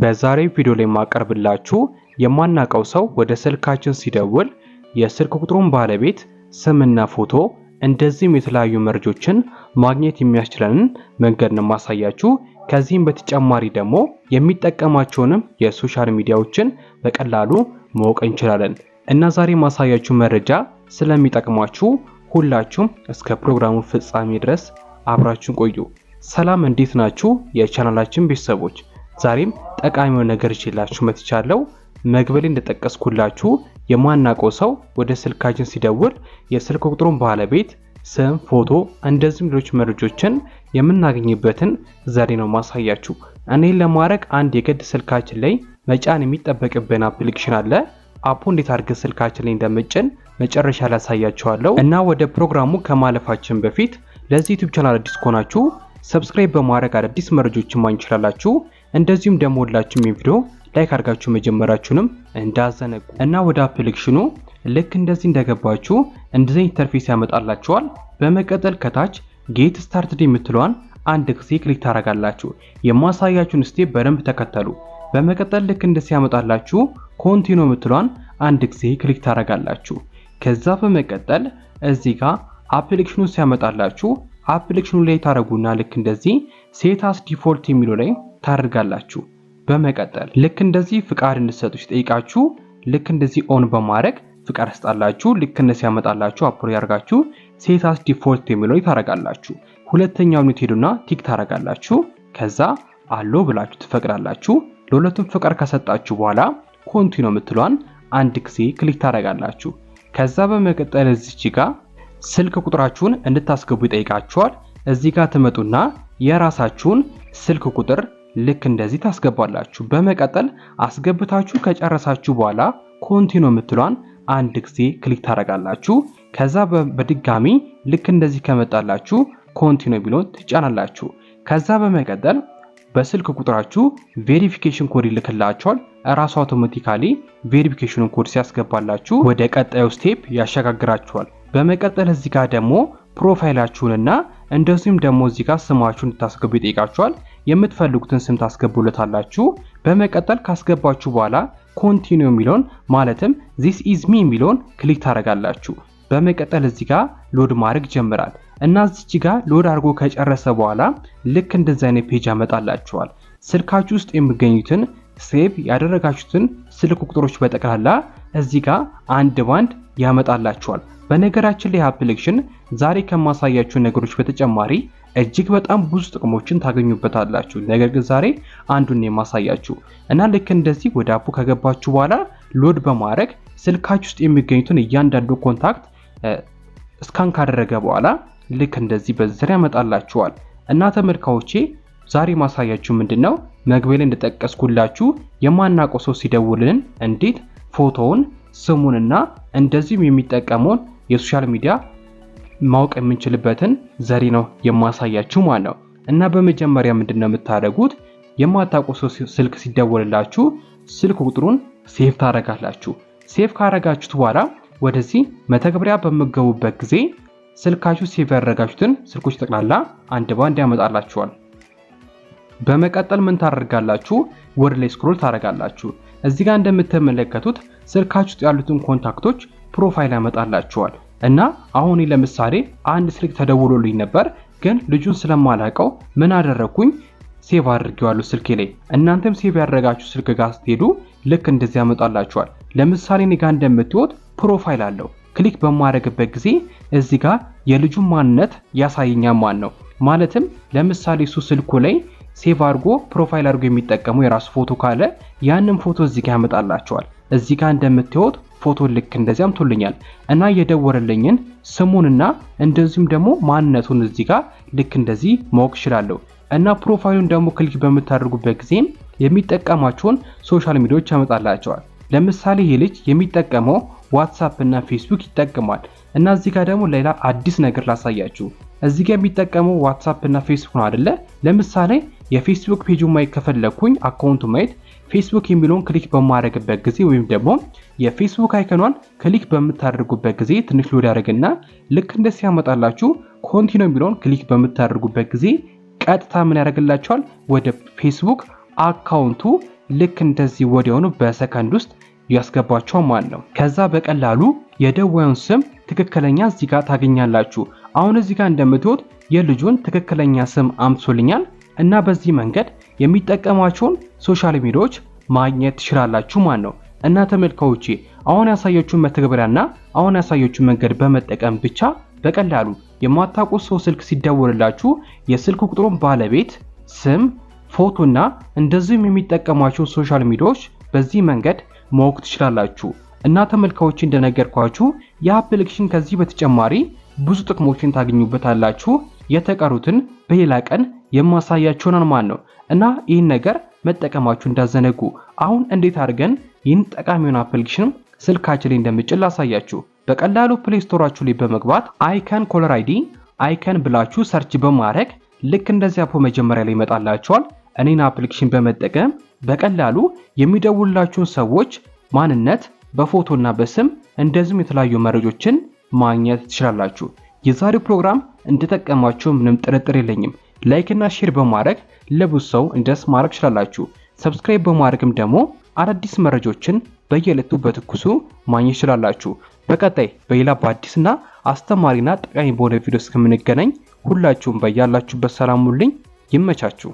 በዛሬው ቪዲዮ ላይ የማቀርብላችሁ የማናውቀው ሰው ወደ ስልካችን ሲደውል የስልክ ቁጥሩን ባለቤት ስምና ፎቶ እንደዚህም የተለያዩ መረጃዎችን ማግኘት የሚያስችለንን መንገድ ነው ማሳያችሁ። ከዚህም በተጨማሪ ደግሞ የሚጠቀማቸውንም የሶሻል ሚዲያዎችን በቀላሉ ማወቅ እንችላለን እና ዛሬ ማሳያችሁ መረጃ ስለሚጠቅማችሁ ሁላችሁም እስከ ፕሮግራሙ ፍጻሜ ድረስ አብራችሁን ቆዩ። ሰላም፣ እንዴት ናችሁ የቻናላችን ቤተሰቦች? ዛሬም ጠቃሚው ነገር ይችላችሁ መጥቻለሁ። መግቢያ ላይ እንደጠቀስኩላችሁ የማናውቀው ሰው ወደ ስልካችን ሲደውል የስልክ ቁጥሩን ባለቤት ስም፣ ፎቶ እንደዚሁም ሌሎች መረጃዎችን የምናገኝበትን ዘዴ ነው ማሳያችሁ። እኔን ለማድረግ አንድ የግድ ስልካችን ላይ መጫን የሚጠበቅብን አፕሊኬሽን አለ። አፑ እንዴት አድርገን ስልካችን ላይ እንደምጭን መጨረሻ ላይ ያሳያችኋለሁ እና ወደ ፕሮግራሙ ከማለፋችን በፊት ለዚህ ዩቲዩብ ቻናል አዲስ ከሆናችሁ ሰብስክራይብ በማድረግ አዳዲስ መረጃዎችን ማግኘት ትችላላችሁ። እንደዚሁም ደግሞ ሁላችሁም የቪዲዮ ላይክ አድርጋችሁ መጀመራችሁንም እንዳዘነጉ እና ወደ አፕሊኬሽኑ ልክ እንደዚህ እንደገባችሁ እንደዚህ ኢንተርፌስ ያመጣላችኋል። በመቀጠል ከታች ጌት ስታርትድ የምትለዋን አንድ ጊዜ ክሊክ ታደርጋላችሁ። የማሳያችሁን ስቴፕ በደንብ ተከተሉ። በመቀጠል ልክ እንደዚህ ያመጣላችሁ ኮንቲኒው የምትለዋን አንድ ጊዜ ክሊክ ታደርጋላችሁ። ከዛ በመቀጠል እዚህ ጋር አፕሊኬሽኑ ሲያመጣላችሁ አፕሊኬሽኑ ላይ ታደርጉና ልክ እንደዚህ ሴት አስ ዲፎልት የሚለው ላይ ታደርጋላችሁ። በመቀጠል ልክ እንደዚህ ፍቃድ እንድትሰጡ ሲጠይቃችሁ ልክ እንደዚህ ኦን በማድረግ ፍቃድ ስጣላችሁ። ልክ እንደዚህ ያመጣላችሁ አፕሮ ያርጋችሁ ሴት አስ ዲፎልት የሚለው ታረጋላችሁ። ሁለተኛው ኒት ቲክ ታረጋላችሁ። ከዛ አሎ ብላችሁ ትፈቅዳላችሁ። ለሁለቱም ፍቃድ ከሰጣችሁ በኋላ ኮንቲኒ የምትሏን አንድ ጊዜ ክሊክ ታረጋላችሁ። ከዛ በመቀጠል እዚች ጋ ስልክ ቁጥራችሁን እንድታስገቡ ይጠይቃችኋል። እዚህ ጋር ትመጡና የራሳችሁን ስልክ ቁጥር ልክ እንደዚህ ታስገባላችሁ። በመቀጠል አስገብታችሁ ከጨረሳችሁ በኋላ ኮንቲኖ የምትሏን አንድ ጊዜ ክሊክ ታደርጋላችሁ። ከዛ በድጋሚ ልክ እንደዚህ ከመጣላችሁ ኮንቲኖ ቢሎን ትጫናላችሁ። ከዛ በመቀጠል በስልክ ቁጥራችሁ ቬሪፊኬሽን ኮድ ይልክላችኋል። እራሱ አውቶማቲካሊ ቬሪፊኬሽኑን ኮድ ሲያስገባላችሁ ወደ ቀጣዩ ስቴፕ ያሸጋግራችኋል። በመቀጠል እዚህ ጋር ደግሞ ፕሮፋይላችሁንና እንደዚሁም ደግሞ እዚህ ጋር ስማችሁን እንድታስገቡ ይጠይቃችኋል። የምትፈልጉትን ስም ታስገቡለታላችሁ። በመቀጠል ካስገባችሁ በኋላ ኮንቲኒ የሚለውን ማለትም ዚስ ኢዝ ሚ የሚለውን ክሊክ ታደርጋላችሁ። በመቀጠል እዚህ ጋር ሎድ ማድረግ ጀምራል እና እዚች ጋር ሎድ አድርጎ ከጨረሰ በኋላ ልክ እንደዚህ አይነት ፔጅ ያመጣላችኋል። ስልካችሁ ውስጥ የሚገኙትን ሴቭ ያደረጋችሁትን ስልክ ቁጥሮች በጠቅላላ እዚህ ጋር አንድ ባንድ ያመጣላችኋል። በነገራችን ላይ አፕሊኬሽን ዛሬ ከማሳያችሁ ነገሮች በተጨማሪ እጅግ በጣም ብዙ ጥቅሞችን ታገኙበታላችሁ። ነገር ግን ዛሬ አንዱን የማሳያችሁ እና ልክ እንደዚህ ወደ አፑ ከገባችሁ በኋላ ሎድ በማድረግ ስልካችሁ ውስጥ የሚገኙትን እያንዳንዱ ኮንታክት እስካን ካደረገ በኋላ ልክ እንደዚህ በዘር ያመጣላችኋል እና ተመልካዮቼ ዛሬ ማሳያችሁ ምንድን ነው መግቢያ ላይ እንደጠቀስኩላችሁ የማናውቀው ሰው ሲደውልን እንዴት ፎቶውን ስሙንና እንደዚሁም የሚጠቀመውን የሶሻል ሚዲያ ማወቅ የምንችልበትን ዘዴ ነው የማሳያችሁ ማለት ነው። እና በመጀመሪያ ምንድን ነው የምታደርጉት? የማታውቁ ሰው ስልክ ሲደወልላችሁ ስልክ ቁጥሩን ሴፍ ታደርጋላችሁ። ሴፍ ካደረጋችሁት በኋላ ወደዚህ መተግበሪያ በምገቡበት ጊዜ ስልካችሁ ሴቭ ያደረጋችሁትን ስልኮች ጠቅላላ አንድ ባንድ ያመጣላችኋል። በመቀጠል ምን ታደርጋላችሁ? ወደ ላይ ስክሮል ታደርጋላችሁ። እዚህ ጋር እንደምትመለከቱት ስልካችሁ ውስጥ ያሉትን ኮንታክቶች ፕሮፋይል ያመጣላችኋል። እና አሁን ለምሳሌ አንድ ስልክ ተደውሎልኝ ነበር፣ ግን ልጁን ስለማላቀው ምን አደረግኩኝ? ሴቭ አድርጌዋለሁ ስልኬ ላይ። እናንተም ሴቭ ያደረጋችሁ ስልክ ጋር ስትሄዱ ልክ እንደዚህ ያመጣላችኋል። ለምሳሌ እኔ ጋር እንደምትወት ፕሮፋይል አለው። ክሊክ በማድረግበት ጊዜ እዚህ ጋር የልጁን ማንነት ያሳየኛ ማን ነው ማለትም ለምሳሌ እሱ ስልኩ ላይ ሴቭ አድርጎ ፕሮፋይል አድርጎ የሚጠቀሙ የራሱ ፎቶ ካለ ያንን ፎቶ እዚህ ጋር ያመጣላቸዋል። እዚህ ጋር እንደምትወት ፎቶ ልክ እንደዚያም ቶልኛል እና የደወረልኝን ስሙንና እንደዚሁም ደግሞ ማንነቱን እዚህ ጋር ልክ እንደዚህ ማወቅ እችላለሁ እና ፕሮፋይሉን ደግሞ ክሊክ በምታደርጉበት ጊዜ የሚጠቀማቸውን ሶሻል ሚዲያዎች ያመጣላቸዋል። ለምሳሌ ይህ ልጅ የሚጠቀመው ዋትሳፕ እና ፌስቡክ ይጠቀማል እና እዚህ ጋር ደግሞ ሌላ አዲስ ነገር ላሳያችሁ። እዚህ ጋር የሚጠቀመው ዋትሳፕ እና ፌስቡክ ነው አደለ ለምሳሌ የፌስቡክ ፔጁ ማየት ከፈለኩኝ አካውንቱ ማየት ፌስቡክ የሚለውን ክሊክ በማድረግበት ጊዜ ወይም ደግሞ የፌስቡክ አይከኗን ክሊክ በምታደርጉበት ጊዜ ትንሽ ሎድ ያደርግና ልክ እንደ ሲያመጣላችሁ ኮንቲኒ የሚለውን ክሊክ በምታደርጉበት ጊዜ ቀጥታ ምን ያደርግላችኋል ወደ ፌስቡክ አካውንቱ ልክ እንደዚህ ወዲያውኑ በሰከንድ ውስጥ ያስገባቸው ማለት ነው። ከዛ በቀላሉ የደዋዩን ስም ትክክለኛ እዚህ ጋር ታገኛላችሁ። አሁን እዚህ ጋር እንደምትወት የልጁን ትክክለኛ ስም አምሶልኛል እና በዚህ መንገድ የሚጠቀማቸውን ሶሻል ሚዲያዎች ማግኘት ትችላላችሁ ማለት ነው። እና ተመልካዮቼ አሁን ያሳየችሁን መተግበሪያና አሁን ያሳየችሁን መንገድ በመጠቀም ብቻ በቀላሉ የማታውቁት ሰው ስልክ ሲደወልላችሁ የስልክ ቁጥሩን ባለቤት ስም፣ ፎቶና እንደዚሁም የሚጠቀሟቸው ሶሻል ሚዲያዎች በዚህ መንገድ ማወቅ ትችላላችሁ። እና ተመልካዮቼ እንደነገርኳችሁ የአፕሊኬሽን ከዚህ በተጨማሪ ብዙ ጥቅሞችን ታገኙበታላችሁ። የተቀሩትን በሌላ ቀን የማሳያቸውን ማን ነው እና ይህን ነገር መጠቀማችሁ እንዳዘነጉ። አሁን እንዴት አድርገን ይህን ጠቃሚውን አፕሊኬሽን ስልካችን ላይ እንደምጭል ላሳያችሁ። በቀላሉ ፕሌይ ስቶራችሁ ላይ በመግባት አይከን ኮለር አይዲ አይከን ብላችሁ ሰርች በማድረግ ልክ እንደዚህ አፖ መጀመሪያ ላይ ይመጣላችኋል። እኔን አፕሊኬሽን በመጠቀም በቀላሉ የሚደውላችሁን ሰዎች ማንነት በፎቶና በስም እንደዚሁም የተለያዩ መረጃዎችን ማግኘት ትችላላችሁ። የዛሬው ፕሮግራም እንደጠቀማችሁ ምንም ጥርጥር የለኝም። ላይክ እና ሼር በማድረግ ለብዙ ሰው እንደስ ማድረግ ትችላላችሁ። ሰብስክራይብ በማድረግም ደግሞ አዳዲስ መረጃዎችን በየዕለቱ በትኩሱ ማግኘት ትችላላችሁ በቀጣይ በሌላ በአዲስና አስተማሪና ጠቃሚ በሆነ ቪዲዮ እስከምንገናኝ ሁላችሁም በያላችሁበት ሰላም ሁኑልኝ። ይመቻችሁ።